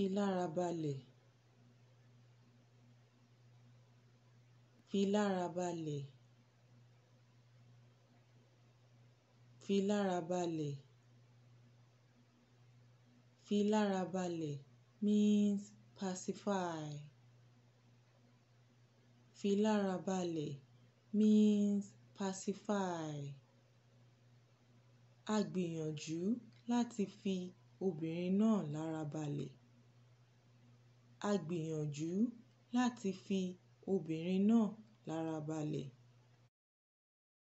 fi lára balẹ̀ fi lára balẹ̀ fi lára balẹ̀ fi lára balẹ̀ means pacify fi lára balẹ̀ means pacify a gbìyànjú láti fi obìnrin náà lára balẹ̀ a gbìyànjú láti fi obìnrin náà lára balẹ̀